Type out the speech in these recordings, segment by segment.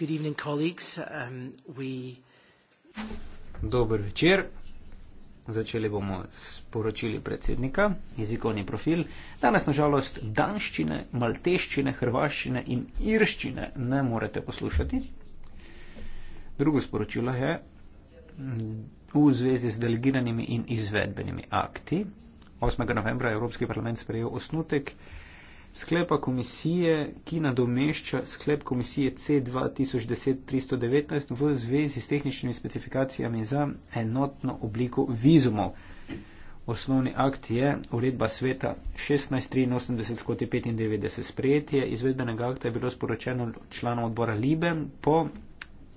Good evening, colleagues. Um, we... Dober večer. Začeli bomo s poročili predsednika, jezikovni profil. Danes, nažalost, danščine, malteščine, hrvaščine in irščine ne morete poslušati. Drugo sporočilo je v zvezi z delegiranimi in izvedbenimi akti. 8. novembra je Evropski parlament sprejel osnutek sklepa komisije, ki nadomešča sklep komisije C2010-319 v zvezi s tehničnimi specifikacijami za enotno obliko vizumov. Osnovni akt je uredba sveta 1683-95 sprejetje. Izvedbenega akta je bilo sporočeno članom odbora Libe po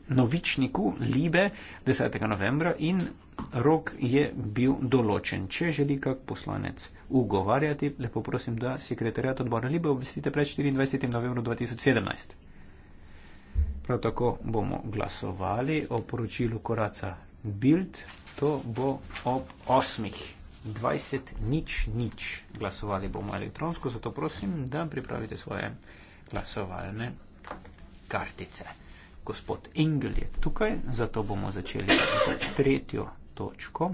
novičniku Libe 10. novembra in rok je bil določen. Če želi kak poslanec ugovarjati, lepo prosim, da sekretarjat odbora Libe obvestite pred 24. novembru 2017. Prav tako bomo glasovali o poročilu Koraca Bild. To bo ob 8.20 nič nič. Glasovali bomo elektronsko, zato prosim, da pripravite svoje glasovalne kartice gospod Engel je tukaj, zato bomo začeli z tretjo točko.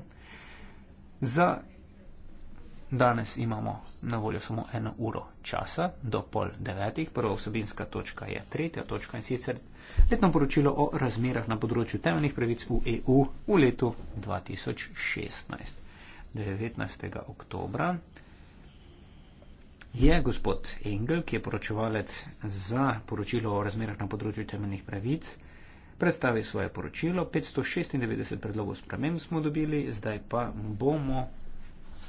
Za danes imamo na voljo samo eno uro časa do pol devetih. Prva osebinska točka je tretja točka in sicer letno poročilo o razmerah na področju temeljnih pravic v EU v letu 2016. 19. oktobra je gospod Engel, ki je poročevalec za poročilo o razmerah na področju temeljnih pravic, predstavil svoje poročilo. 596 predlogov sprememb smo dobili, zdaj pa bomo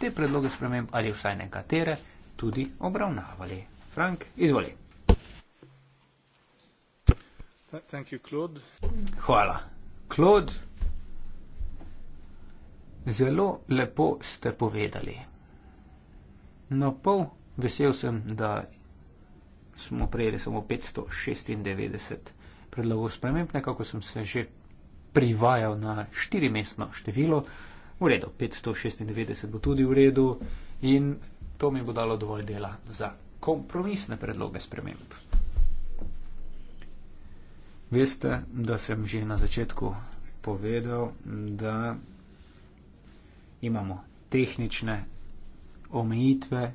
te predloge sprememb ali vsaj nekatere tudi obravnavali. Frank, izvoli. You, Claude. Hvala. Claude, zelo lepo ste povedali. Na no, pol Vesel sem, da smo prejeli samo 596 predlogov sprememb, nekako sem se že privajal na štirimestno število. V redu, 596 bo tudi v redu in to mi bo dalo dovolj dela za kompromisne predloge sprememb. Veste, da sem že na začetku povedal, da imamo tehnične omejitve,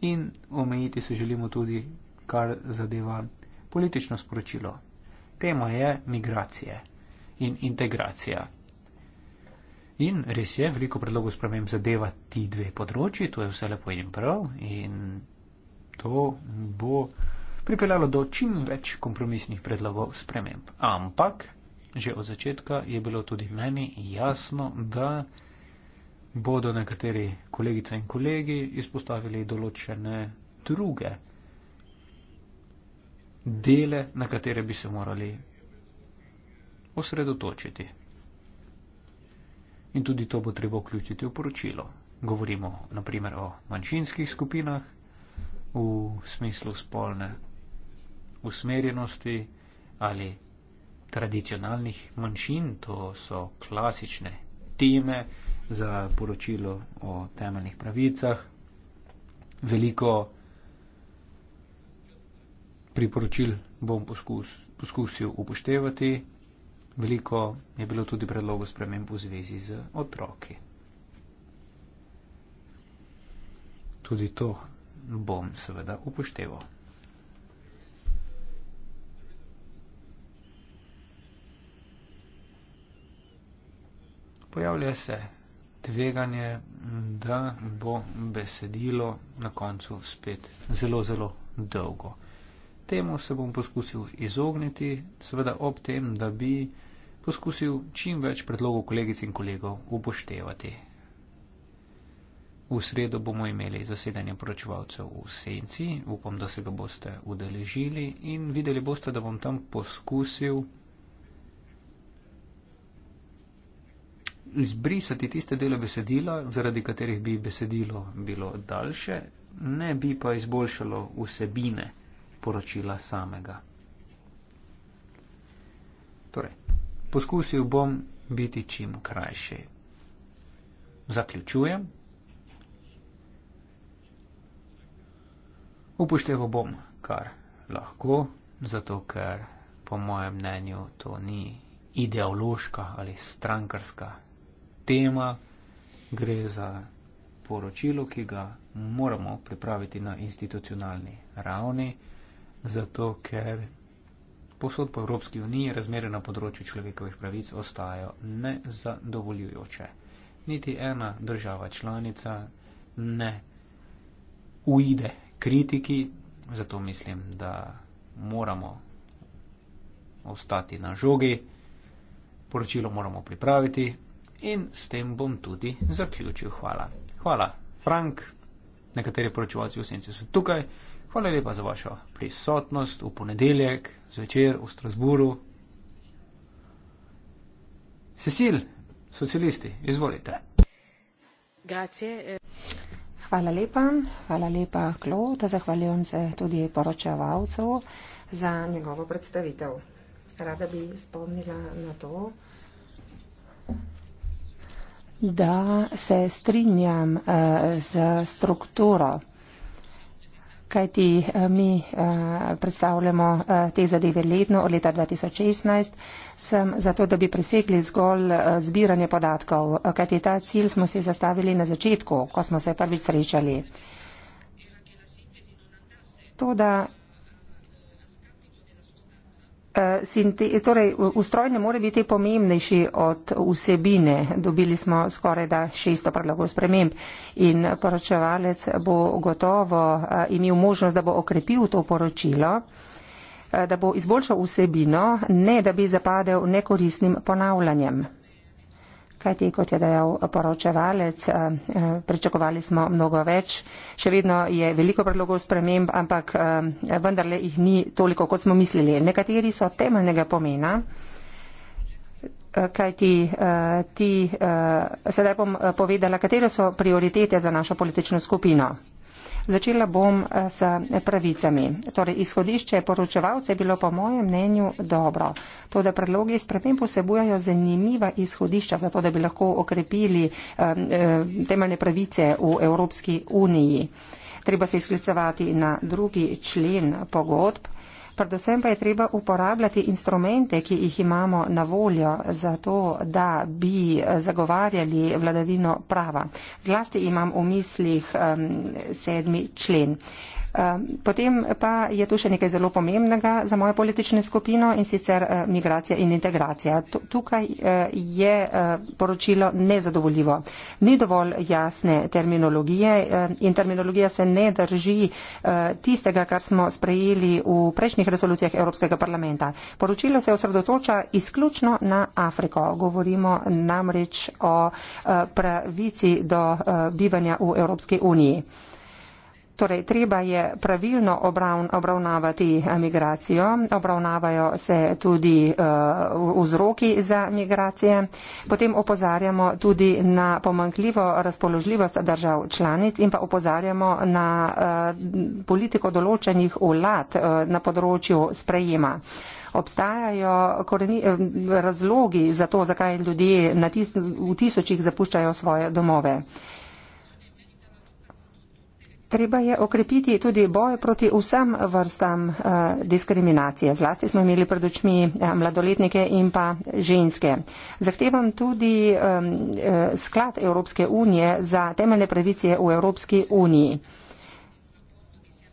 in omejiti se želimo tudi, kar zadeva politično sporočilo. Tema je migracije in integracija. In res je, veliko predlogov sprememb zadeva ti dve področji, to je vse lepo in prav in to bo pripeljalo do čim več kompromisnih predlogov sprememb. Ampak že od začetka je bilo tudi meni jasno, da bodo nekateri kolegice in kolegi izpostavili določene druge dele, na katere bi se morali osredotočiti. In tudi to bo treba vključiti v poročilo. Govorimo naprimer o manjšinskih skupinah v smislu spolne usmerjenosti ali tradicionalnih manjšin, to so klasične teme, za poročilo o temeljnih pravicah. Veliko priporočil bom poskus, poskusil upoštevati, veliko je bilo tudi predlogo sprememb v zvezi z otroki. Tudi to bom seveda upošteval. Pojavlja se tveganje, da bo besedilo na koncu spet zelo, zelo dolgo. Temu se bom poskusil izogniti, seveda ob tem, da bi poskusil čim več predlogov kolegic in kolegov upoštevati. V sredo bomo imeli zasedanje poročevalcev v senci, upam, da se ga boste udeležili in videli boste, da bom tam poskusil izbrisati tiste dele besedila, zaradi katerih bi besedilo bilo daljše, ne bi pa izboljšalo vsebine poročila samega. Torej, poskusil bom biti čim krajši. Zaključujem. Upošteval bom, kar lahko, zato ker po mojem mnenju to ni ideološka ali strankarska tema, gre za poročilo, ki ga moramo pripraviti na institucionalni ravni, zato ker posod po Evropski uniji razmere na področju človekovih pravic ostajajo nezadovoljujoče. Niti ena država članica ne ujde kritiki, zato mislim, da moramo ostati na žogi, poročilo moramo pripraviti, In s tem bom tudi zaključil. Hvala. Hvala, Frank. Nekateri poročevalci v senci so tukaj. Hvala lepa za vašo prisotnost v ponedeljek, zvečer v Strasburu. Cecil, socialisti, izvolite. Grazie. Eh. Hvala lepa, hvala lepa, Klot. Zahvaljujem se tudi poročevalcu za njegovo predstavitev. Rada bi spomnila na to, da se strinjam eh, z strukturo, kajti eh, mi eh, predstavljamo te zadeve letno od leta 2016, sem zato, da bi presegli zgolj zbiranje podatkov, kajti ta cilj smo si zastavili na začetku, ko smo se prvič srečali. To, da Eh, torej, ustroj ne more biti pomembnejši od vsebine. Dobili smo skoraj da 600 predlogov sprememb in poročevalec bo gotovo eh, imel možnost, da bo okrepil to poročilo, eh, da bo izboljšal vsebino, ne da bi zapadel nekoristnim ponavljanjem kajti kot je dejal poročevalec, eh, eh, pričakovali smo mnogo več. Še vedno je veliko predlogov sprememb, ampak eh, vendarle jih ni toliko, kot smo mislili. Nekateri so temeljnega pomena, kajti ti, sedaj bom povedala, katere so prioritete za našo politično skupino. Začela bom eh, s pravicami. Torej, izhodišče poročevalce je bilo po mojem mnenju dobro. To, da predlogi sprememb posebujajo zanimiva izhodišča, zato da bi lahko okrepili eh, eh, temeljne pravice v Evropski uniji. Treba se izklicevati na drugi člen pogodb predvsem pa je treba uporabljati instrumente, ki jih imamo na voljo za to, da bi zagovarjali vladavino prava. Zlasti imam v mislih um, sedmi člen. Potem pa je tu še nekaj zelo pomembnega za mojo politično skupino in sicer eh, migracija in integracija. Tukaj eh, je eh, poročilo nezadovoljivo. Ni dovolj jasne terminologije in terminologija se ne drži tistega, kar smo sprejeli v prejšnjih resolucijah Evropskega parlamenta. Poročilo se osredotoča izključno na Afriko. Govorimo namreč o pravici do bivanja v Evropski uniji. Torej, treba je pravilno obravnavati eh, migracijo, obravnavajo se tudi uh, vzroki za migracije, potem opozarjamo tudi na pomankljivo razpoložljivost držav članic in pa opozarjamo na uh, politiko določenih vlad uh, na področju sprejema. Obstajajo koreni, razlogi za to, zakaj ljudje tis, v tisočih zapuščajo svoje domove. Treba je okrepiti tudi boj proti vsem vrstam uh, diskriminacije. Zlasti smo imeli pred očmi uh, mladoletnike in pa ženske. Zahtevam tudi um, uh, sklad Evropske unije za temeljne pravice v Evropski uniji.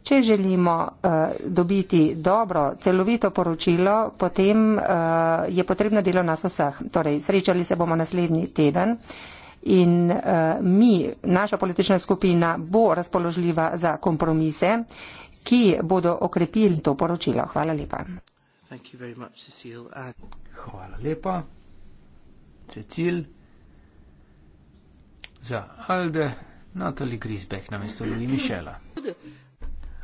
Če želimo uh, dobiti dobro, celovito poročilo, potem uh, je potrebno delo nas vseh. Torej, srečali se bomo naslednji teden. Uh, in uh, mi, naša politična skupina, bo razpoložljiva za kompromise, ki bodo okrepili to poročilo. Hvala lepa. Much, And... Hvala lepa, Cecil, za Alde, Natalie Grisbeck na mesto Louis Michela.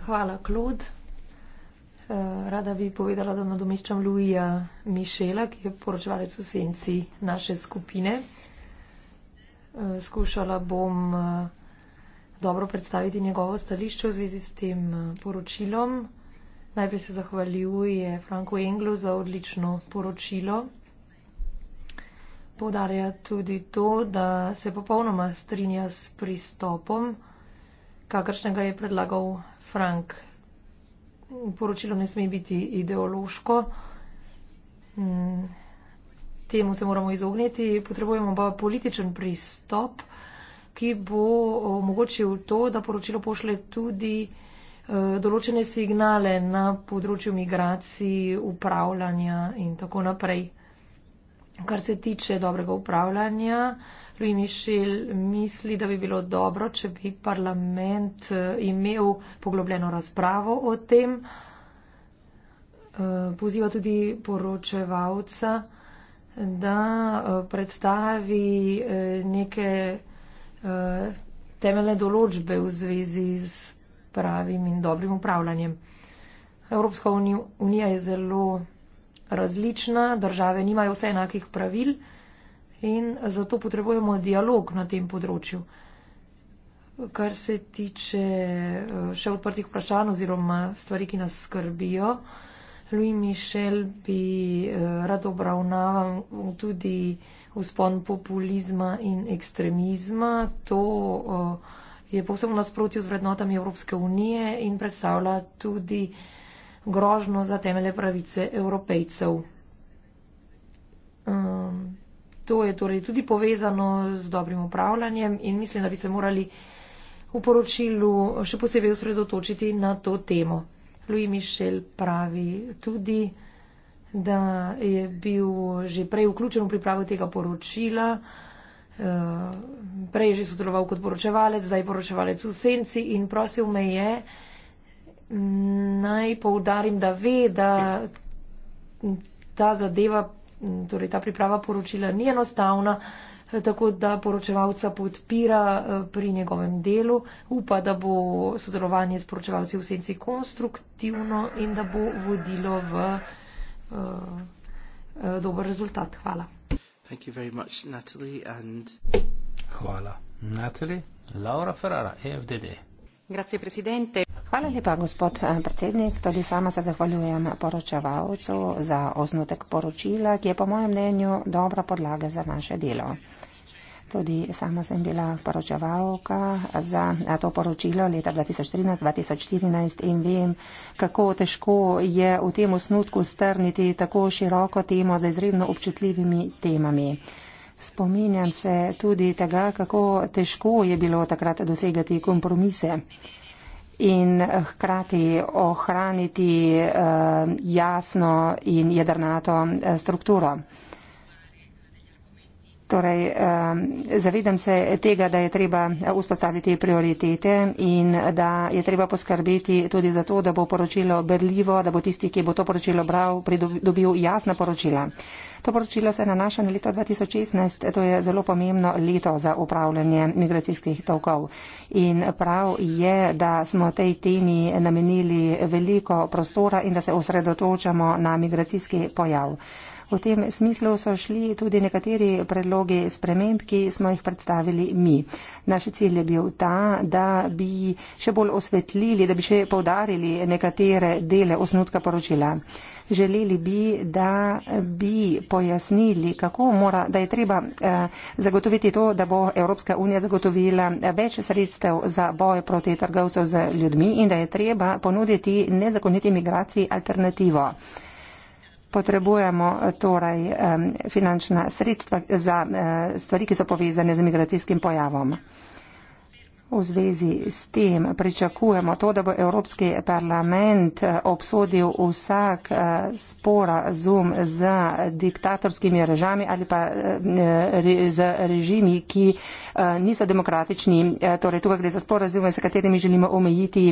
Hvala, Klod. Eh, rada bi povedala, da nadomeščam Luija Mišela, ki je poročevalec v senci naše skupine. Eh, skušala bom eh, dobro predstaviti njegovo stališče v zvezi s tem eh, poročilom. Najprej se zahvaljuje Franku Englu za odlično poročilo. Podarja tudi to, da se popolnoma strinja s pristopom, kakršnega je predlagal Frank. Poročilo ne sme biti ideološko. Mm, temu se moramo izogniti. Potrebujemo pa političen pristop, ki bo omogočil to, da poročilo pošle tudi eh, določene signale na področju migracij, upravljanja in tako naprej. Kar se tiče dobrega upravljanja, Louis Michel misli, da bi bilo dobro, če bi parlament eh, imel poglobljeno razpravo o tem. Eh, poziva tudi poročevalca da eh, predstavi eh, neke eh, temeljne določbe v zvezi z pravim in dobrim upravljanjem. Evropska unija je zelo različna, države nimajo vse enakih pravil in zato potrebujemo dialog na tem področju. Kar se tiče še odprtih vprašanj oziroma stvari, ki nas skrbijo, Louis Michel bi eh, rad obravnaval tudi vzpon populizma in ekstremizma. To eh, je povsem v nasprotju z vrednotami Evropske unije in predstavlja tudi grožno za temele pravice evropejcev. Ehm, to je torej tudi povezano z dobrim upravljanjem in mislim, da bi se morali v poročilu še posebej osredotočiti na to temo. Louis Michel pravi tudi, da je bil že prej vključen v pripravo tega poročila, eh, prej je že sodeloval kot poročevalec, zdaj je poročevalec v senci in prosil me je, naj poudarim, da ve, da ta zadeva, torej ta priprava poročila ni enostavna, tako da poročevalca podpira eh, pri njegovem delu, upa, da bo sodelovanje s poročevalci v senci konstruktivno in da bo vodilo v uh, dober rezultat. Hvala. Thank you very much, Natalie, and... Hvala, Natalie. Laura Ferrara, EFDD. Hvala lepa, gospod eh, predsednik. Tudi sama se zahvaljujem poročevalcu za osnutek poročila, ki je po mojem mnenju dobra podlaga za naše delo. Tudi sama sem bila poročevalka za eh, to poročilo leta 2013-2014 in vem, kako težko je v tem osnutku strniti tako široko temo za izredno občutljivimi temami. Spominjam se tudi tega, kako težko je bilo takrat dosegati kompromise in hkrati ohraniti eh, jasno in jedrnato eh, strukturo. Torej, ehm, zavedam se tega, da je treba vzpostaviti prioritete in da je treba poskrbeti tudi za to, da bo poročilo berljivo, da bo tisti, ki bo to poročilo bral, pridobil jasna poročila. To poročilo se nanaša na leto 2016, to je zelo pomembno leto za upravljanje migracijskih tokov. In prav je, da smo tej temi namenili veliko prostora in da se osredotočamo na migracijski pojav. V tem smislu so šli tudi nekateri predlogi sprememb, ki smo jih predstavili mi. Naš cilj je bil ta, da bi še bolj osvetlili, da bi še povdarili nekatere dele osnutka poročila. Želeli bi, da bi pojasnili, kako mora, da je treba eh, zagotoviti to, da bo Evropska unija zagotovila eh, več sredstev za boj proti trgovcev z ljudmi in da je treba ponuditi nezakoniti migraciji alternativo potrebujemo eh, torej finančna sredstva za eh, stvari, ki so povezane z migracijskim pojavom. V zvezi s tem pričakujemo to, da bo Evropski parlament eh, obsodil vsak eh, sporazum z diktatorskimi režami ali pa eh, z režimi, ki niso demokratični. Torej, tukaj gre za sporazume, s katerimi želimo omejiti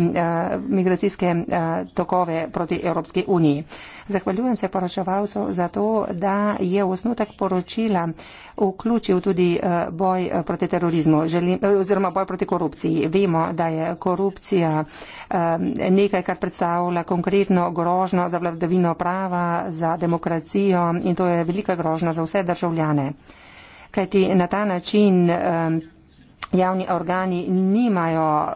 migracijske tokove proti Evropski uniji. Zahvaljujem se poročevalcu za to, da je v osnutek poročila vključil tudi boj proti terorizmu želim, oziroma boj proti korupciji korupciji. Vemo, da je korupcija nekaj, kar predstavlja konkretno grožno za vladavino prava, za demokracijo in to je velika grožna za vse državljane. Kajti na ta način javni organi nimajo uh,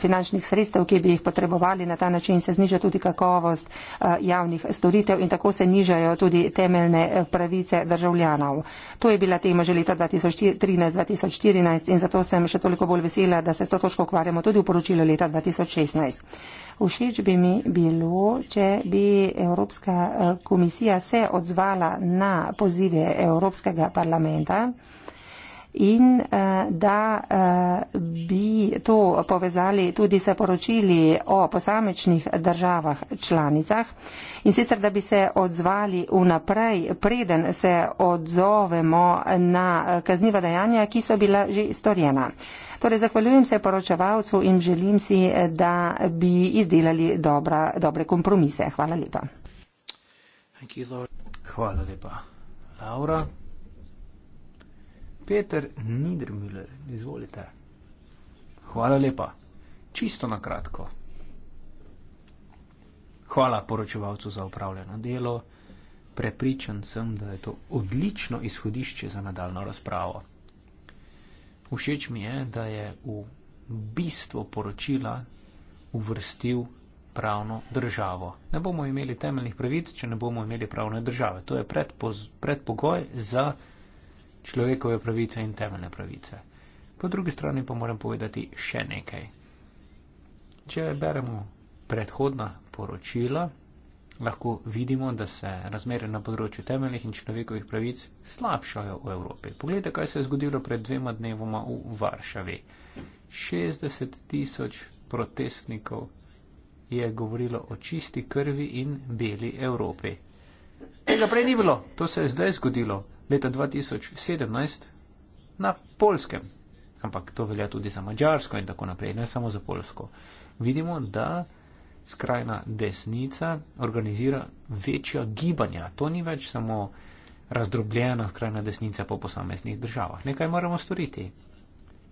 finančnih sredstev, ki bi jih potrebovali, na ta način se zniža tudi kakovost uh, javnih storitev in tako se nižajo tudi temeljne eh, pravice državljanov. To je bila tema že leta 2013-2014 in zato sem še toliko bolj vesela, da se s to točko ukvarjamo tudi v poročilu leta 2016. Všeč bi mi bilo, če bi Evropska komisija se odzvala na pozive Evropskega parlamenta in eh, da eh, bi to povezali tudi se poročili o posamečnih državah članicah in sicer, da bi se odzvali vnaprej, preden se odzovemo na eh, kazniva dejanja, ki so bila že storjena. Torej, zahvaljujem se poročevalcu in želim si, da bi izdelali dobra, dobre kompromise. Hvala lepa. Hvala lepa. Laura. Peter Niedermüller, izvolite. Hvala lepa. Čisto na kratko. Hvala poročevalcu za upravljeno delo. Prepričan sem, da je to odlično izhodišče za nadaljno razpravo. Všeč mi je, da je v bistvo poročila uvrstil pravno državo. Ne bomo imeli temeljnih pravic, če ne bomo imeli pravne države. To je predpogoj za človekove pravice in temeljne pravice. Po drugi strani pa moram povedati še nekaj. Če beremo predhodna poročila, lahko vidimo, da se razmere na področju temeljnih in človekovih pravic slabšajo v Evropi. Poglejte, kaj se je zgodilo pred dvema dnevoma v Varšavi. 60 tisoč protestnikov je govorilo o čisti krvi in beli Evropi. Tega prej ni bilo, to se je zdaj zgodilo leta 2017 na polskem, ampak to velja tudi za mačarsko in tako naprej, ne samo za polsko, vidimo, da skrajna desnica organizira večja gibanja. To ni več samo razdrobljena skrajna desnica po posameznih državah. Nekaj moramo storiti.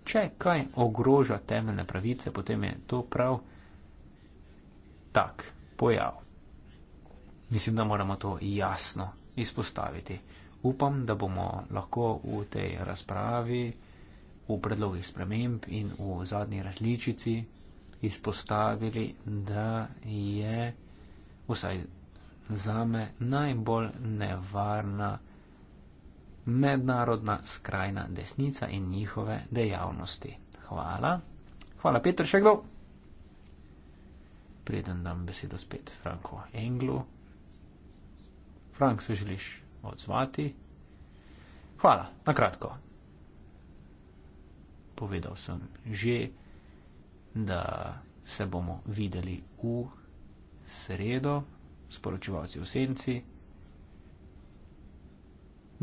Če kaj ogroža temeljne pravice, potem je to prav tak pojav. Mislim, da moramo to jasno izpostaviti upam, da bomo lahko v tej razpravi, v predlogih sprememb in v zadnji različici izpostavili, da je vsaj zame najbolj nevarna mednarodna skrajna desnica in njihove dejavnosti. Hvala. Hvala, Peter, še kdo? Preden dam besedo spet Franku Englu. Frank, se želiš odzvati. Hvala, na kratko. Povedal sem že, da se bomo videli v sredo, sporočevalci v senci.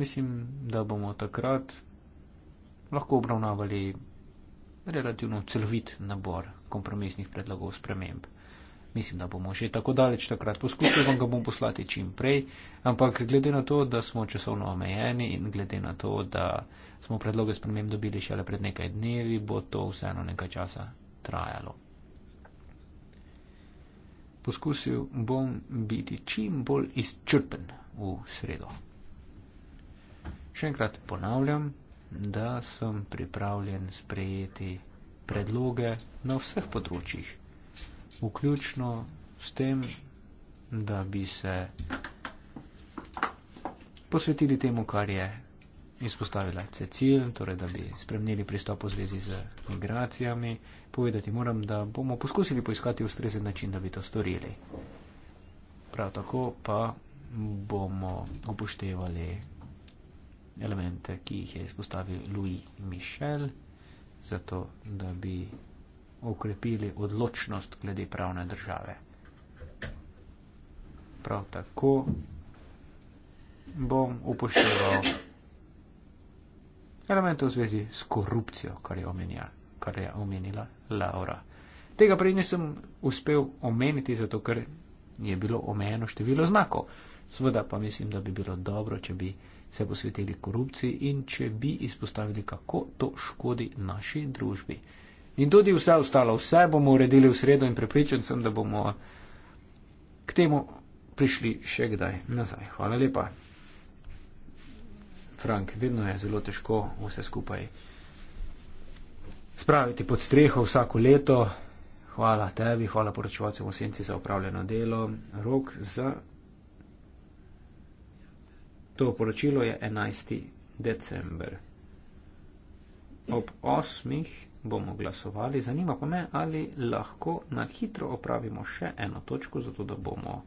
Mislim, da bomo takrat lahko obravnavali relativno celovit nabor kompromisnih predlogov sprememb. Mislim, da bomo že tako daleč takrat poskusili, vam ga bom poslati čim prej, ampak glede na to, da smo časovno omejeni in glede na to, da smo predloge sprememb dobili šele pred nekaj dnevi, bo to vseeno nekaj časa trajalo. Poskusil bom biti čim bolj izčrpen v sredo. Še enkrat ponavljam, da sem pripravljen sprejeti predloge na vseh področjih vključno s tem, da bi se posvetili temu, kar je izpostavila Cecil, torej da bi spremnili pristop v zvezi z migracijami. Povedati moram, da bomo poskusili poiskati ustrezen način, da bi to storili. Prav tako pa bomo upoštevali elemente, ki jih je izpostavil Louis Michel, zato da bi okrepili odločnost glede pravne države. Prav tako bom upošteval elemente v zvezi s korupcijo, kar je omenila, kar je omenila Laura. Tega prej nisem uspel omeniti, zato ker je bilo omejeno število znakov. Sveda pa mislim, da bi bilo dobro, če bi se posvetili korupciji in če bi izpostavili, kako to škodi naši družbi. In tudi vse ostalo, vse bomo uredili v sredo in prepričan sem, da bomo k temu prišli še kdaj nazaj. Hvala lepa. Frank, vedno je zelo težko vse skupaj spraviti pod streho vsako leto. Hvala tebi, hvala poročevalcem v senci za upravljeno delo. Rok za to poročilo je 11. december. Ob osmih bomo glasovali. Zanima pa me, ali lahko na hitro opravimo še eno točko, zato da bomo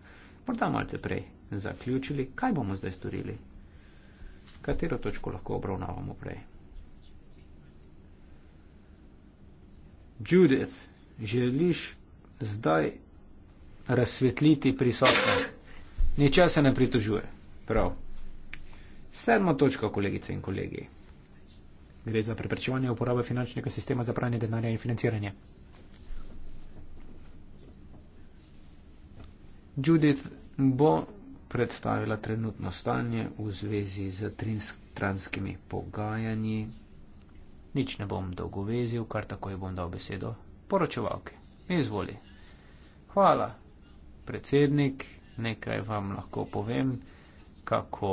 morda malce prej zaključili, kaj bomo zdaj storili. Katero točko lahko obravnavamo prej? Judith, želiš zdaj razsvetliti prisotno? Niče se ne pritožuje. Prav. Sedma točka, kolegice in kolegi. Gre za preprečevanje uporabe finančnega sistema za pranje denarja in financiranje. Judith bo predstavila trenutno stanje v zvezi z transkimi pogajanji. Nič ne bom dolgovezil, kar tako je bom dal besedo poročevalke. Izvoli. Hvala, predsednik. Nekaj vam lahko povem, kako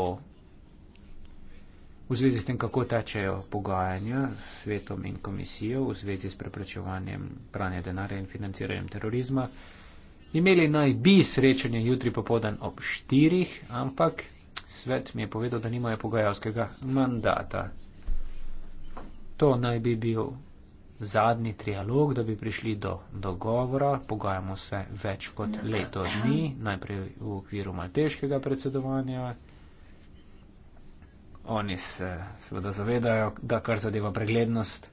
v zvezi s tem, kako tečejo pogajanja s svetom in komisijo v zvezi s preprečevanjem pranja denarja in financiranjem terorizma. Imeli naj bi srečanje jutri popoldan ob štirih, ampak svet mi je povedal, da nimajo pogajalskega mandata. To naj bi bil zadnji trialog, da bi prišli do dogovora. Pogajamo se več kot leto dni, najprej v okviru malteškega predsedovanja, oni se seveda zavedajo, da kar zadeva preglednost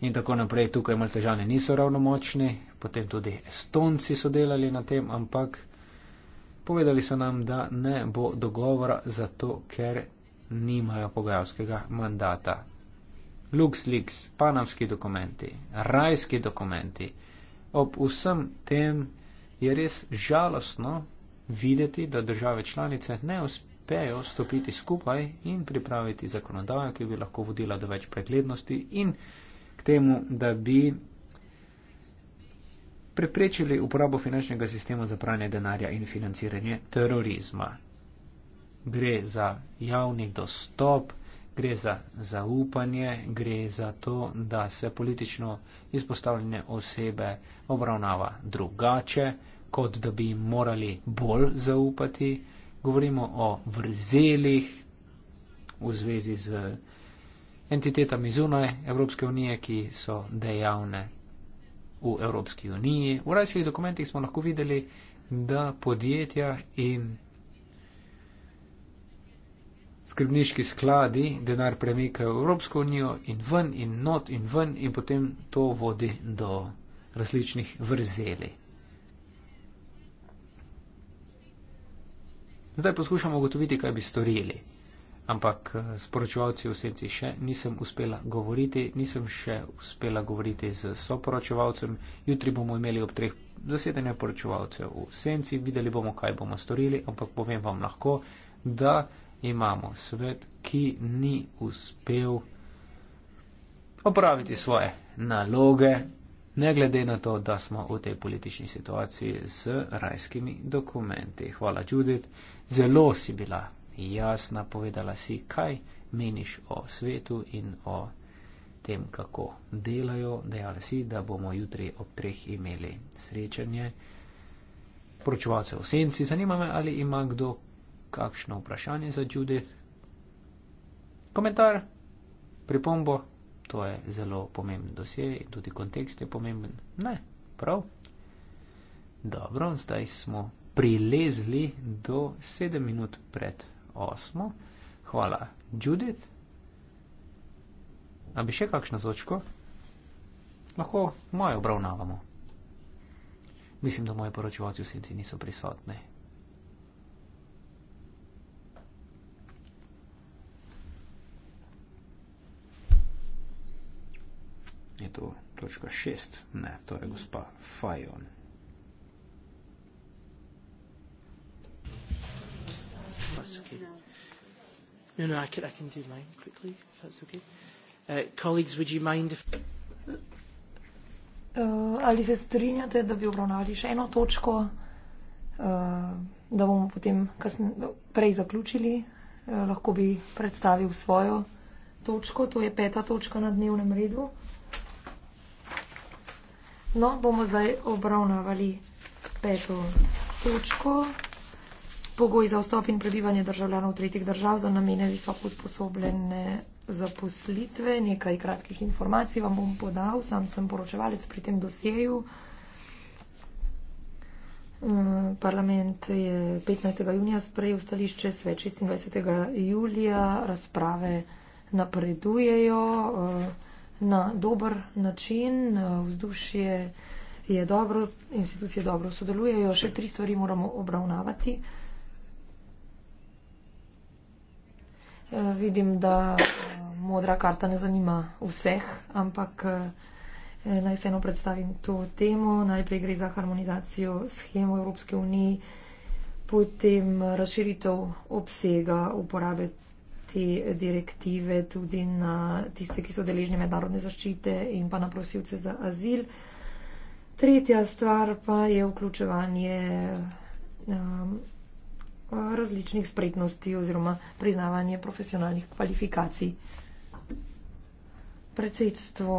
in tako naprej, tukaj maltežani niso ravno močni, potem tudi estonci so delali na tem, ampak povedali so nam, da ne bo dogovora zato, ker nimajo pogajalskega mandata. LuxLeaks, panamski dokumenti, rajski dokumenti. Ob vsem tem je res žalostno videti, da države članice ne uspe pejo stopiti skupaj in pripraviti zakonodajo, ki bi lahko vodila do več preglednosti in k temu, da bi preprečili uporabo finančnega sistema za pranje denarja in financiranje terorizma. Gre za javni dostop, gre za zaupanje, gre za to, da se politično izpostavljene osebe obravnava drugače, kot da bi jim morali bolj zaupati govorimo o vrzelih v zvezi z entitetami zunaj Evropske unije, ki so dejavne v Evropski uniji. V rajskih dokumentih smo lahko videli, da podjetja in skrbniški skladi denar premikajo v Evropsko unijo in ven in not in ven in potem to vodi do različnih vrzeli. Zdaj poskušamo ugotoviti, kaj bi storili. Ampak eh, sporočevalci v senci še nisem uspela govoriti, nisem še uspela govoriti z soporočevalcem. Jutri bomo imeli ob treh zasedanja poročevalcev v senci, videli bomo, kaj bomo storili, ampak povem vam lahko, da imamo svet, ki ni uspel opraviti svoje naloge, ne glede na to, da smo v tej politični situaciji z rajskimi dokumenti. Hvala, Judith, zelo si bila jasna, povedala si, kaj meniš o svetu in o tem, kako delajo. Dejala si, da bomo jutri ob treh imeli srečanje. Poročevalce v senci, zanima me, ali ima kdo kakšno vprašanje za Judith. Komentar, pripombo to je zelo pomemben dosje in tudi kontekst je pomemben. Ne, prav. Dobro, zdaj smo prilezli do sedem minut pred osmo. Hvala, Judith. A bi še kakšno točko? Lahko moje obravnavamo. Mislim, da moji poročevalci v senci niso prisotni. predmetu, točka 6, ne, torej gospa Fajon. No, no, I can, I can do mine quickly, if that's okay. Uh, colleagues, would you mind if... Uh, ali se strinjate, da bi obravnali še eno točko, uh, da bomo potem kasn... prej zaključili? Uh, lahko bi predstavil svojo točko, to je peta točka na dnevnem redu. Uh, No, bomo zdaj obravnavali peto točko. Pogoj za vstop in prebivanje državljanov tretjih držav za namene visoko usposobljene zaposlitve. Nekaj kratkih informacij vam bom podal, sam sem poročevalec pri tem dosjeju. Eh, parlament je 15. junija sprejel stališče, sveč 26. julija, razprave napredujejo. Eh, na dober način, vzdušje je dobro, institucije dobro sodelujejo, še tri stvari moramo obravnavati. Eh, vidim, da eh, modra karta ne zanima vseh, ampak eh, naj vseeno predstavim to temo. Najprej gre za harmonizacijo schemo Evropske unije, potem razširitev obsega uporabe te direktive tudi na tiste, ki so deležni mednarodne zaščite in pa na prosilce za azil. Tretja stvar pa je vključevanje um, različnih spretnosti oziroma priznavanje profesionalnih kvalifikacij. Predsedstvo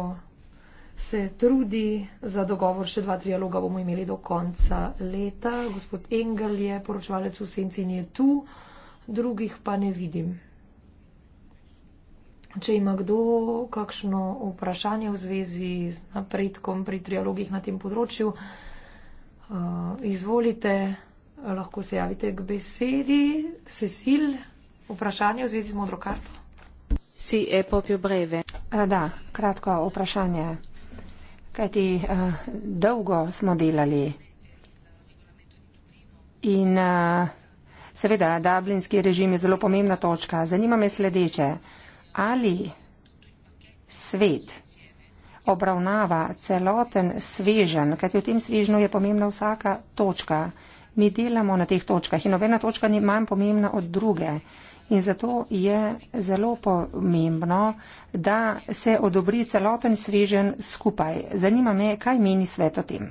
se trudi za dogovor, še dva trialoga bomo imeli do konca leta. Gospod Engel je poročevalec v Senci in je tu, drugih pa ne vidim. Če ima kdo kakšno vprašanje v zvezi z napredkom pri trialogih na tem področju, eh, izvolite, lahko se javite k besedi. Cecil, vprašanje v zvezi z modro karto. Si je eh, popil breve. Eh, da, kratko vprašanje. Kaj ti dolgo smo delali? In seveda, dublinski režim je zelo pomembna točka. Zanima me sledeče ali svet obravnava celoten svežen, kajti v tem svežnu je pomembna vsaka točka. Mi delamo na teh točkah in nobena točka ni manj pomembna od druge. In zato je zelo pomembno, da se odobri celoten svežen skupaj. Zanima me, kaj meni svet o tem.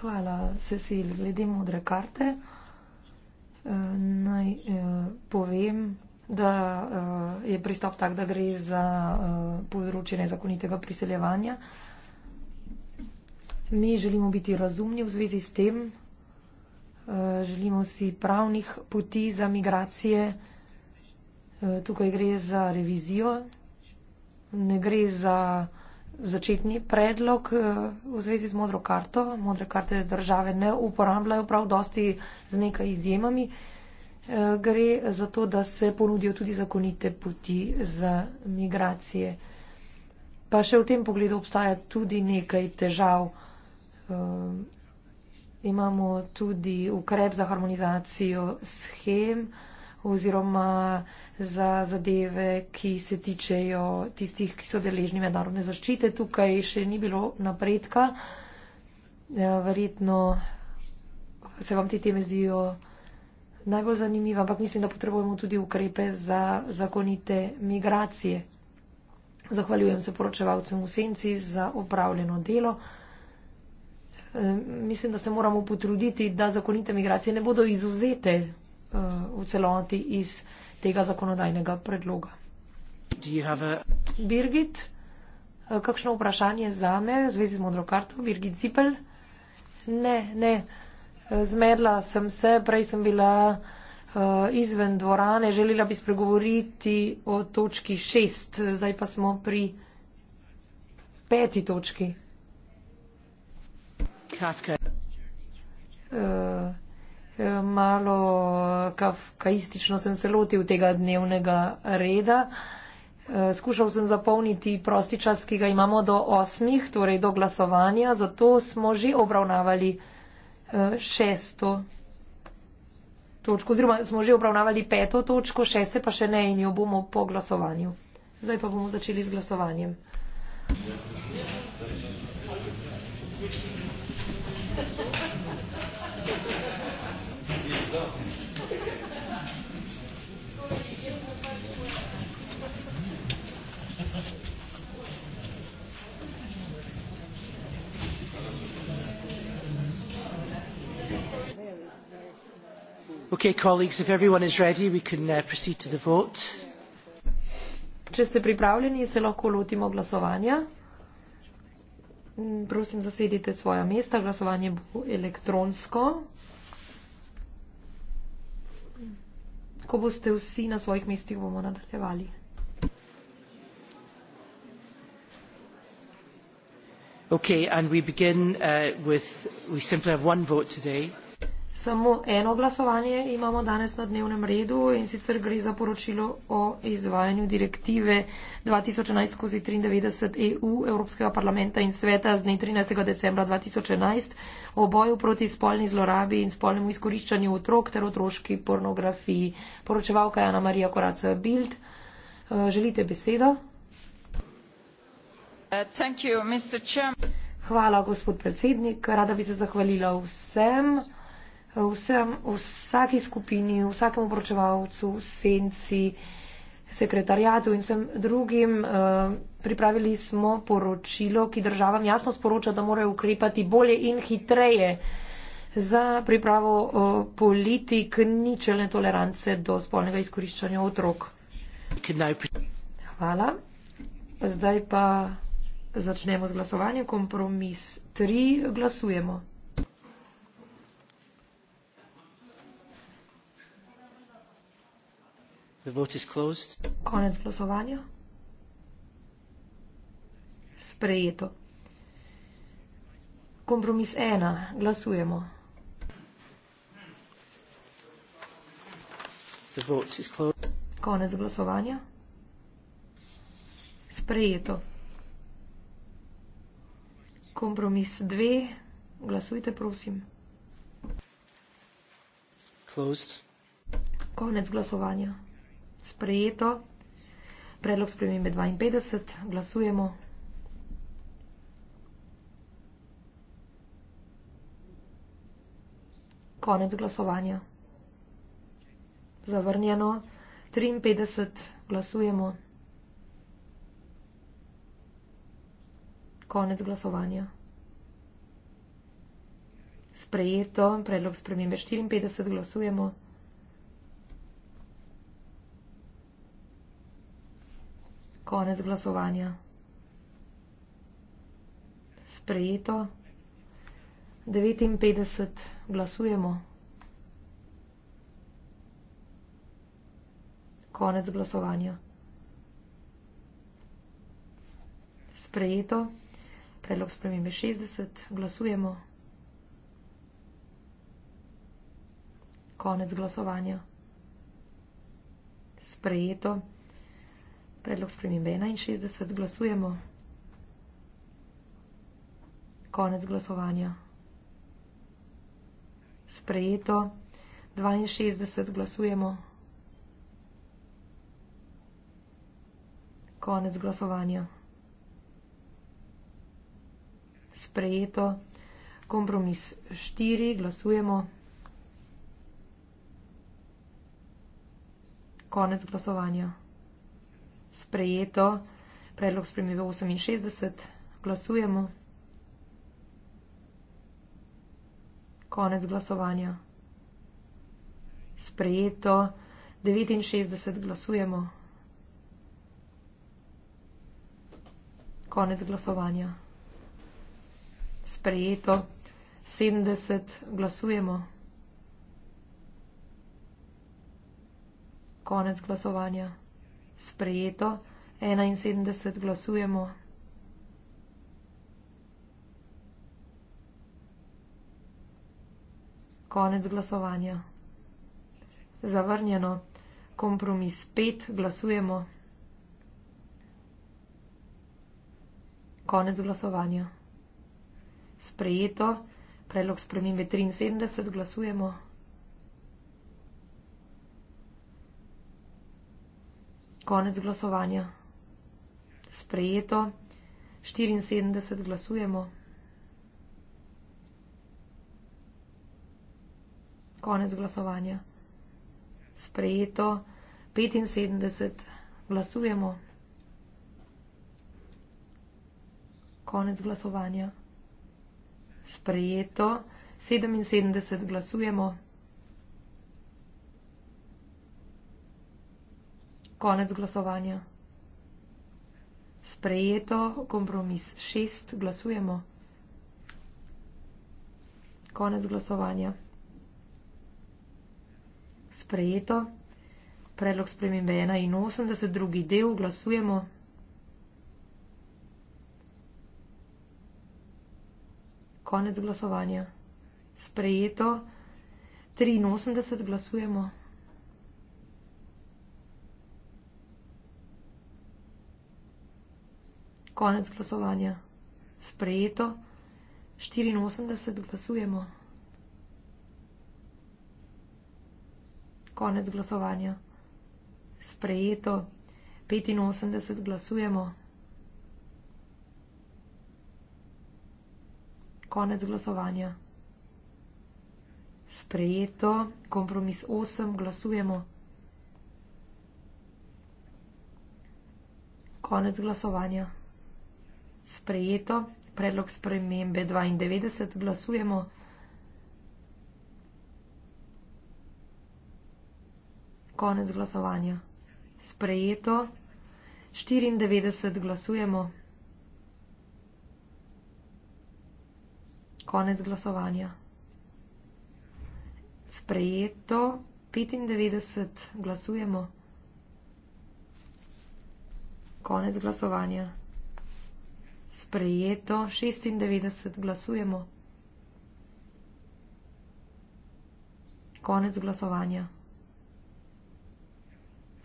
Hvala, Cecil, glede modre karte naj eh, povem, da eh, je pristop tak, da gre za eh, področje nezakonitega priseljevanja. Mi želimo biti razumni v zvezi s tem, želimo si pravnih poti za migracije. Tukaj gre za revizijo, ne gre za začetni predlog eh, v zvezi z modro karto. Modre karte države ne uporabljajo prav dosti z nekaj izjemami. Eh, gre za to, da se ponudijo tudi zakonite poti za migracije. Pa še v tem pogledu obstaja tudi nekaj težav. Eh, imamo tudi ukrep za harmonizacijo schem oziroma za zadeve, ki se tičejo tistih, ki so deležni mednarodne zaščite. Tukaj še ni bilo napredka. Ja, verjetno se vam te teme zdijo najbolj zanimive, ampak mislim, da potrebujemo tudi ukrepe za zakonite migracije. Zahvaljujem se poročevalcem v senci za opravljeno delo. Mislim, da se moramo potruditi, da zakonite migracije ne bodo izuzete Eh, v celoti iz tega zakonodajnega predloga. A... Birgit, eh, kakšno vprašanje za me v zvezi z modro karto? Birgit Zipel? Ne, ne. Eh, zmedla sem se, prej sem bila izven dvorane, želela bi spregovoriti o točki šest, zdaj pa smo pri peti točki. Kafka. Uh, malo kafkaistično sem se lotil tega dnevnega reda. Eh, skušal sem zapolniti prosti čas, ki ga imamo do osmih, torej do glasovanja, zato smo že obravnavali eh, šesto točko, oziroma smo že obravnavali peto točko, šeste pa še ne in jo bomo po glasovanju. Zdaj pa bomo začeli z glasovanjem. Yeah. Yeah. Yeah. Yeah. Yeah. Yeah. Yeah. Yeah. Okay, colleagues, if everyone is ready, we can uh, proceed to the vote. Če ste pripravljeni, se lahko lotimo glasovanja. Prosim, zasedite svoja mesta. Glasovanje bo elektronsko. Ko boste vsi na svojih mestih, bomo nadaljevali. Okay, and we begin uh, with, we simply have one vote today. Samo eno glasovanje imamo danes na dnevnem redu in sicer gre za poročilo o izvajanju direktive 2011-93 EU Evropskega parlamenta in sveta z dne 13. decembra 2011 o boju proti spolni zlorabi in spolnemu izkoriščanju otrok ter otroški pornografiji. Poročevalka je Ana Marija Koraca Bild. Eh, želite besedo? Uh, Hvala, gospod predsednik. Rada bi se zahvalila vsem vsem, vsaki skupini, vsakemu poročevalcu, senci, sekretarjatu in vsem drugim. Eh, pripravili smo poročilo, ki državam jasno sporoča, da morajo ukrepati bolje in hitreje za pripravo eh, politik ničelne tolerance do spolnega izkoriščanja otrok. Hvala. Zdaj pa začnemo z glasovanjem. Kompromis 3. Glasujemo. The vote is closed. Konec glasovanja. Sprejeto. Kompromis ena. Glasujemo. The vote is closed. Konec glasovanja. Sprejeto. Kompromis dve. Glasujte, prosim. Closed. Konec glasovanja sprejeto. Predlog spremembe 52. Glasujemo. Konec glasovanja. Zavrnjeno. 53. Glasujemo. Konec glasovanja. Sprejeto. Predlog spremembe 54. Glasujemo. konec glasovanja. Sprejeto. 59 glasujemo. Konec glasovanja. Sprejeto. Predlog spremembe 60. Glasujemo. Konec glasovanja. Sprejeto predlog spremembe 61, glasujemo. Konec glasovanja. Sprejeto. 62, glasujemo. Konec glasovanja. Sprejeto. Kompromis 4, glasujemo. Konec glasovanja sprejeto. Predlog spremembe 68. Glasujemo. Konec glasovanja. Sprejeto. 69. Glasujemo. Konec glasovanja. Sprejeto. 70. Glasujemo. Konec glasovanja sprejeto, 71 glasujemo. Konec glasovanja. Zavrnjeno. Kompromis 5. Glasujemo. Konec glasovanja. Sprejeto. Predlog spremembe 73. Glasujemo. Konec glasovanja. Sprejeto. 74 glasujemo. Konec glasovanja. Sprejeto. 75 glasujemo. Konec glasovanja. Sprejeto. 77 glasujemo. Konec glasovanja. Sprejeto kompromis. Šest glasujemo. Konec glasovanja. Sprejeto. Predlog spremembe 81. drugi del. Glasujemo. Konec glasovanja. Sprejeto. 83 glasujemo. Konec glasovanja. Sprejeto. 84 glasujemo. Konec glasovanja. Sprejeto. 85 glasujemo. Konec glasovanja. Sprejeto. Kompromis 8 glasujemo. Konec glasovanja sprejeto, predlog spremembe 92, glasujemo. Konec glasovanja. Sprejeto. 94 glasujemo. Konec glasovanja. Sprejeto. 95 glasujemo. Konec glasovanja sprejeto 96 glasujemo. Konec glasovanja.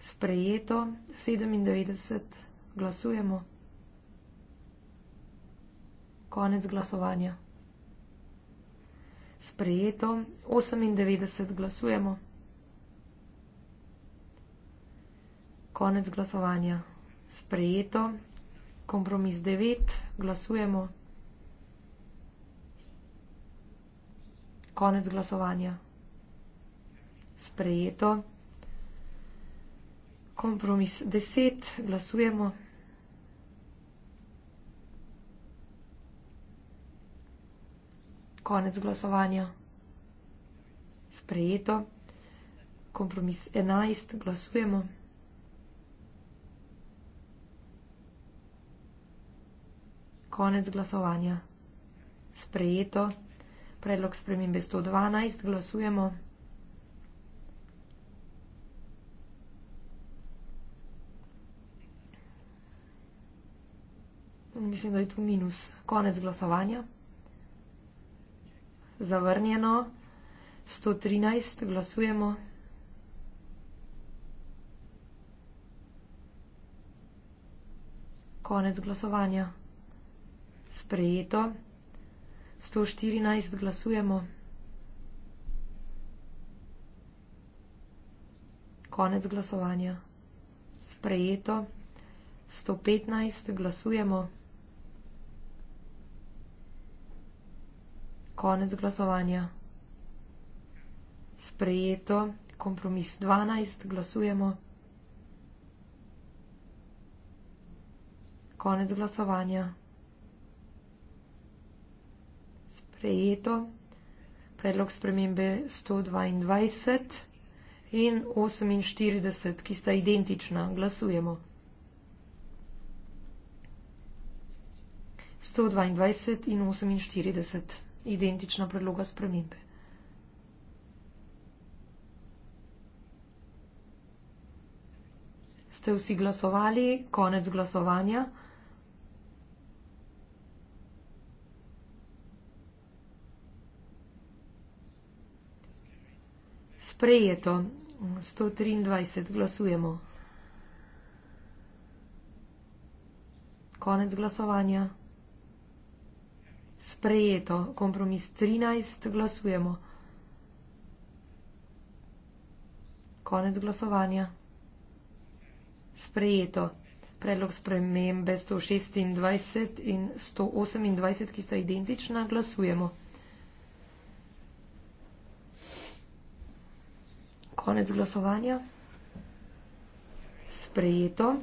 Sprejeto 97 glasujemo. Konec glasovanja. Sprejeto 98 glasujemo. Konec glasovanja. Sprejeto kompromis devet, glasujemo. Konec glasovanja. Sprejeto. Kompromis deset, glasujemo. Konec glasovanja. Sprejeto. Kompromis enajst, glasujemo. konec glasovanja. Sprejeto. Predlog spremembe 112. Glasujemo. Mislim, da je tu minus. Konec glasovanja. Zavrnjeno. 113. Glasujemo. Konec glasovanja sprejeto. 114 glasujemo. Konec glasovanja. Sprejeto. 115 glasujemo. Konec glasovanja. Sprejeto. Kompromis 12 glasujemo. Konec glasovanja. sprejeto predlog spremembe 122 in 48, ki sta identična. Glasujemo. 122 in 48, identična predloga spremembe. Ste vsi glasovali? Konec glasovanja. sprejeto. 123 glasujemo. Konec glasovanja. Sprejeto. Kompromis 13 glasujemo. Konec glasovanja. Sprejeto. Predlog spremembe 126 in 128, ki sta identična, glasujemo. konec glasovanja. Sprejeto.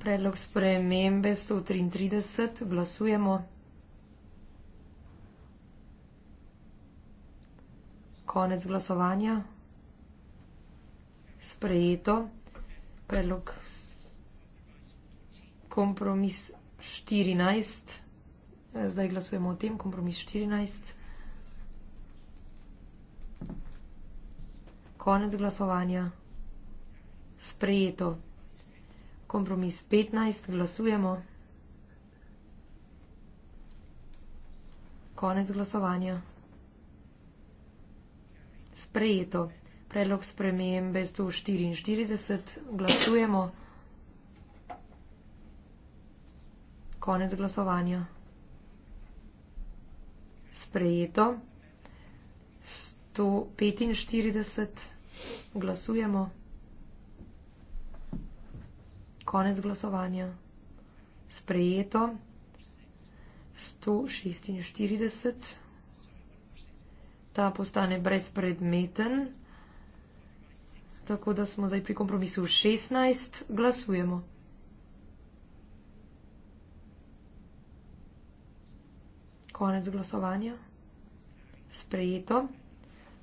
Predlog spremembe 133. Glasujemo. Konec glasovanja. Sprejeto. Predlog kompromis 14. Zdaj glasujemo o tem. Kompromis 14. Konec glasovanja. Sprejeto. Kompromis 15. Glasujemo. Konec glasovanja. Sprejeto. Predlog spremembe 144. Glasujemo. Konec glasovanja. Sprejeto. 145 glasujemo. Konec glasovanja. Sprejeto. 146. Ta postane brezpredmeten. Tako da smo zdaj pri kompromisu 16. Glasujemo. Konec glasovanja. Sprejeto.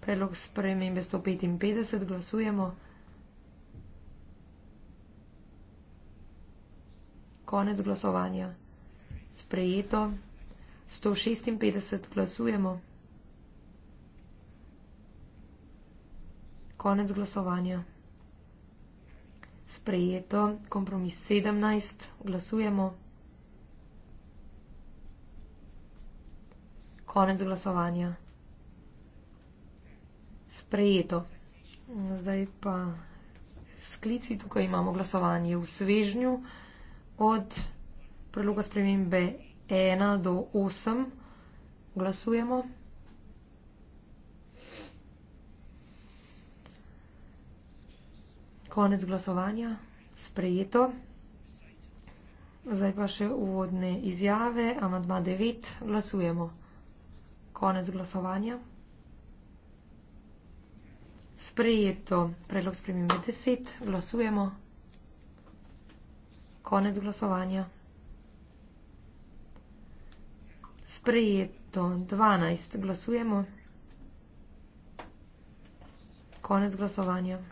Predlog spremembe 155 glasujemo. Konec glasovanja. Sprejeto. 156 glasujemo. Konec glasovanja. Sprejeto. Kompromis 17. Glasujemo. Konec glasovanja sprejeto. Zdaj pa sklici, tukaj imamo glasovanje v svežnju od preloga spremembe 1 do 8. Glasujemo. Konec glasovanja, sprejeto. Zdaj pa še uvodne izjave, amadma 9, glasujemo. Konec glasovanja. Sprejeto. Predlog spremembe 10. Glasujemo. Konec glasovanja. Sprejeto. 12. Glasujemo. Konec glasovanja.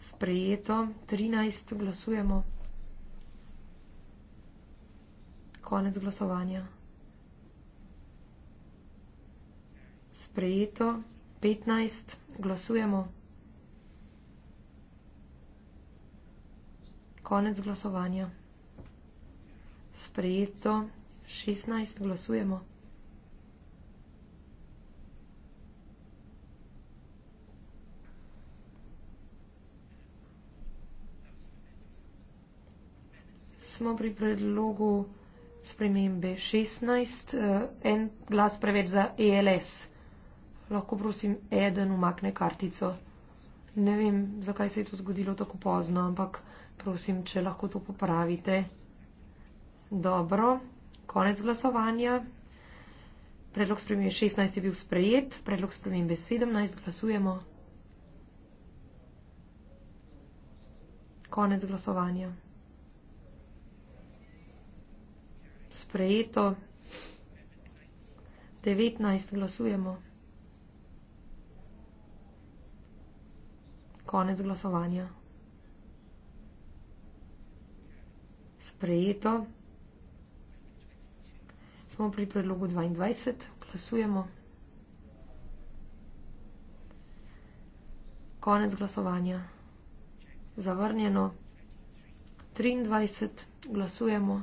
Sprejeto. 13. Glasujemo. Konec glasovanja. sprejeto. 15, glasujemo. Konec glasovanja. Sprejeto. 16, glasujemo. Smo pri predlogu spremembe 16, eh, en glas preveč za ELS lahko prosim eden umakne kartico. Ne vem, zakaj se je to zgodilo tako pozno, ampak prosim, če lahko to popravite. Dobro, konec glasovanja. Predlog spremembe 16 je bil sprejet, predlog spremembe 17 glasujemo. Konec glasovanja. Sprejeto. 19 glasujemo. Konec glasovanja. Sprejeto. Smo pri predlogu 22. Glasujemo. Konec glasovanja. Zavrnjeno. 23. Glasujemo.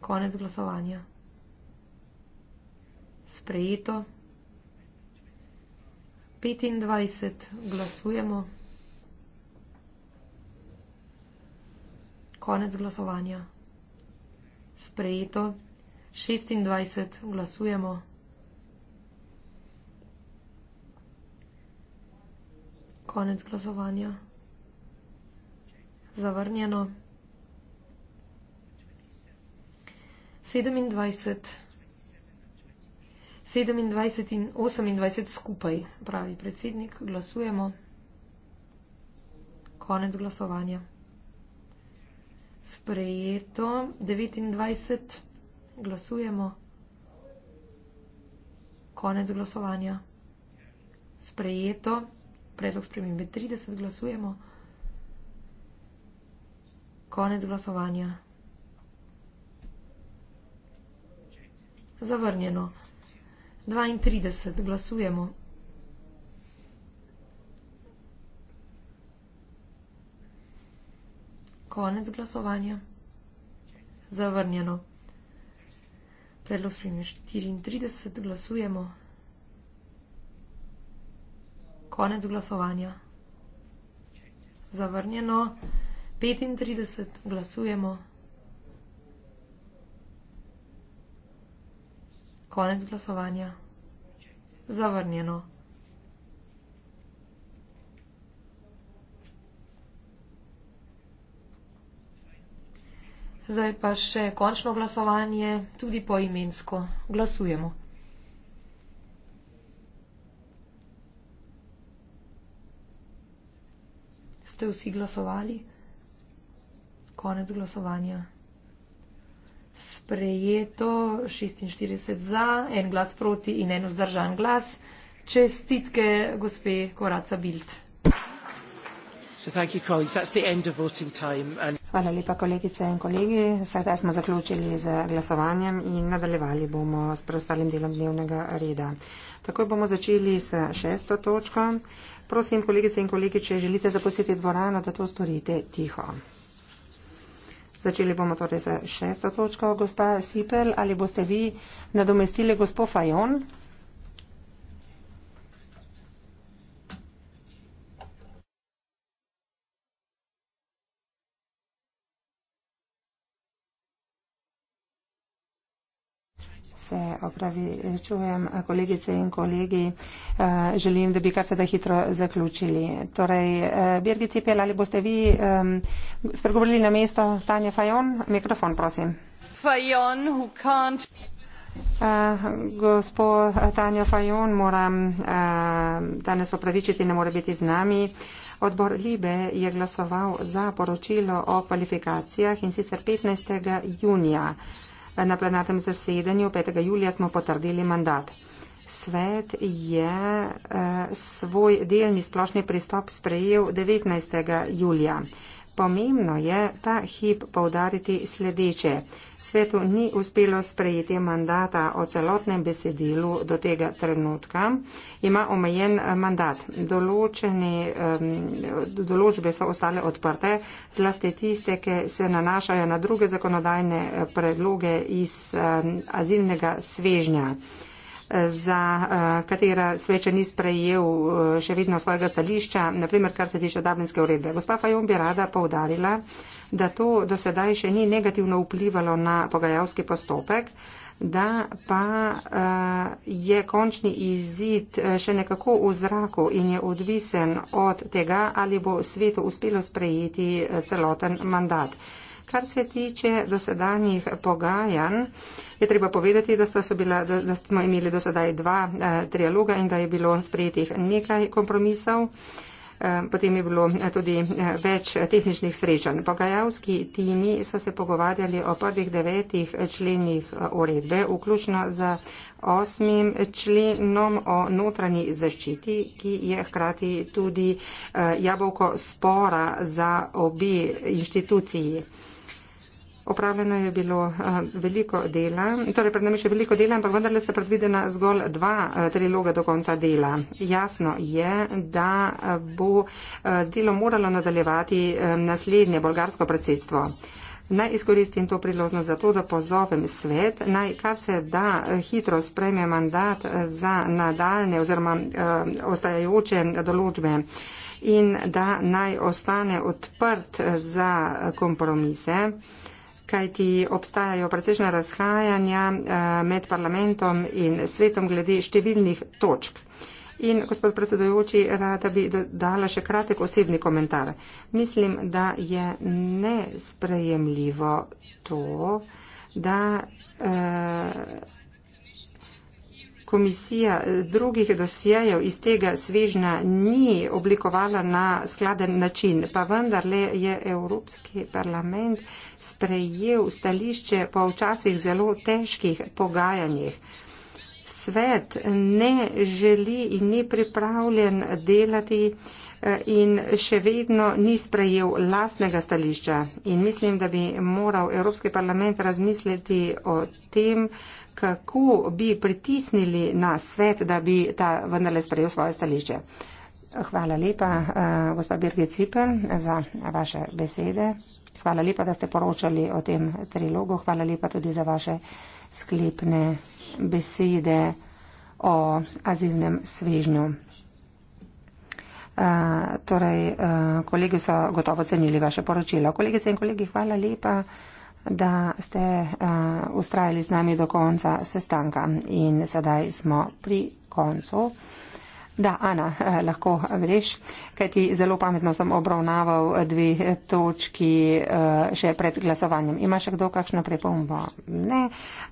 Konec glasovanja. Sprejeto. 25 glasujemo. Konec glasovanja. Sprejeto. 26 glasujemo. Konec glasovanja. Zavrnjeno. 27. 27 in 28 skupaj, pravi predsednik, glasujemo. Konec glasovanja. Sprejeto. 29 glasujemo. Konec glasovanja. Sprejeto. Predlog spremembe 30 glasujemo. Konec glasovanja. Zavrnjeno dvaintrideset glasujemo. Konec glasovanja. Zavrnjeno. Predlog sprejme štiriintrideset glasujemo. Konec glasovanja. Zavrnjeno. Petintrideset glasujemo. Konec glasovanja. Zavrnjeno. Zdaj pa še končno glasovanje, tudi poimensko. Glasujemo. Ste vsi glasovali? Konec glasovanja sprejeto 46 za, en glas proti in en vzdržan glas. Čestitke, gospe Koraca Bild. Hvala lepa, kolegice in kolegi. Sedaj smo zaključili z glasovanjem in nadaljevali bomo s preostalim delom dnevnega reda. Takoj bomo začeli s šesto točko. Prosim, kolegice in kolegi, če želite zapustiti dvorano, da to storite tiho. Začeli bomo torej z šesto točko, gospa Sipel, ali boste vi nadomestili gospo Fajon? se opravičujem, kolegice in kolegi, eh, želim, da bi kar se da hitro zaključili. Torej, eh, Birgi Cipel, ali boste vi spregovorili na mesto Tanja Fajon? Mikrofon, prosim. Fajon, who can't. Uh, eh, gospod Tanja Fajon moram uh, danes opravičiti, ne more biti z nami. Odbor Libe je glasoval za poročilo o kvalifikacijah in sicer 15. junija. Uh, Na plenarnem zasedanju 5. julija smo potrdili mandat. Svet je eh, svoj delni splošni pristop sprejel 19. julija. Pomembno je ta hip povdariti sledeče. Svetu ni uspelo sprejeti mandata o celotnem besedilu do tega trenutka. Ima omejen eh, mandat. Določeni, določbe so ostale odprte, zlasti tiste, ki se nanašajo na druge zakonodajne eh, predloge iz azilnega svežnja za eh, katera sveče ni sprejel eh, še vedno svojega stališča, naprimer kar se tiče Dablinske uredbe. Gospa Fajon bi rada povdarila, da to do sedaj še ni negativno vplivalo na pogajalski postopek, da pa eh, je končni izid še nekako v zraku in je odvisen od tega, ali bo svetu uspelo sprejeti celoten mandat. Kar se tiče dosedanjih pogajanj, je treba povedati, da, bila, da smo imeli dosedaj dva eh, trialoga in da je bilo sprejetih nekaj kompromisov. Eh, potem je bilo eh, tudi več tehničnih srečanj. Pogajalski timi so se pogovarjali o prvih devetih členih uredbe, vključno z osmim členom o notranji zaščiti, ki je hkrati tudi jabolko spora za obi inštituciji. Opravljeno je bilo uh, veliko dela, torej pred nami še veliko dela, ampak vendarle sta predvidena zgolj dva uh, triloga do konca dela. Jasno je, da uh, bo uh, z delom moralo nadaljevati uh, naslednje bolgarsko predsedstvo. Naj izkoristim to priložnost za to, da pozovem svet, naj kar se da hitro spreme mandat za nadaljne oziroma uh, ostajajoče določbe in da naj ostane odprt za kompromise kajti obstajajo precejšnja razhajanja eh, med parlamentom in svetom glede številnih točk. In, gospod predsedojoči, rada bi dala še kratek osebni komentar. Mislim, da je nesprejemljivo to, da. Uh, komisija eh, drugih dosjejev iz tega svežna ni oblikovala na skladen način, pa vendarle je Evropski parlament sprejel stališče po včasih zelo težkih pogajanjih. Svet ne želi in ni pripravljen delati eh, in še vedno ni sprejel lastnega stališča. In mislim, da bi moral Evropski parlament razmisliti o tem, kako bi pritisnili na svet, da bi ta vendarle sprejel svoje stališče. Hvala lepa, uh, eh, gospod Birgit Cipel, za vaše besede. Hvala lepa, da ste poročali o tem trilogu. Hvala lepa tudi za vaše sklepne besede o azilnem svežnju. Uh, torej, uh, kolegi so gotovo cenili vaše poročilo. Kolegice in kolegi, hvala lepa da ste uh, ustrajali z nami do konca sestanka in sedaj smo pri koncu. Da, Ana, eh, lahko greš, kaj ti zelo pametno sem obravnaval dve točki eh, še pred glasovanjem. Ima še kdo kakšno pripombo? Ne.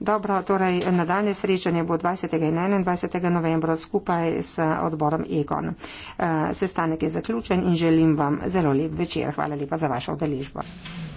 Dobro, torej nadaljne srečanje bo 20. in 21. novembra skupaj s odborom EGON. Sestanek je zaključen in želim vam zelo lep večer. Hvala lepa za vašo odeležbo.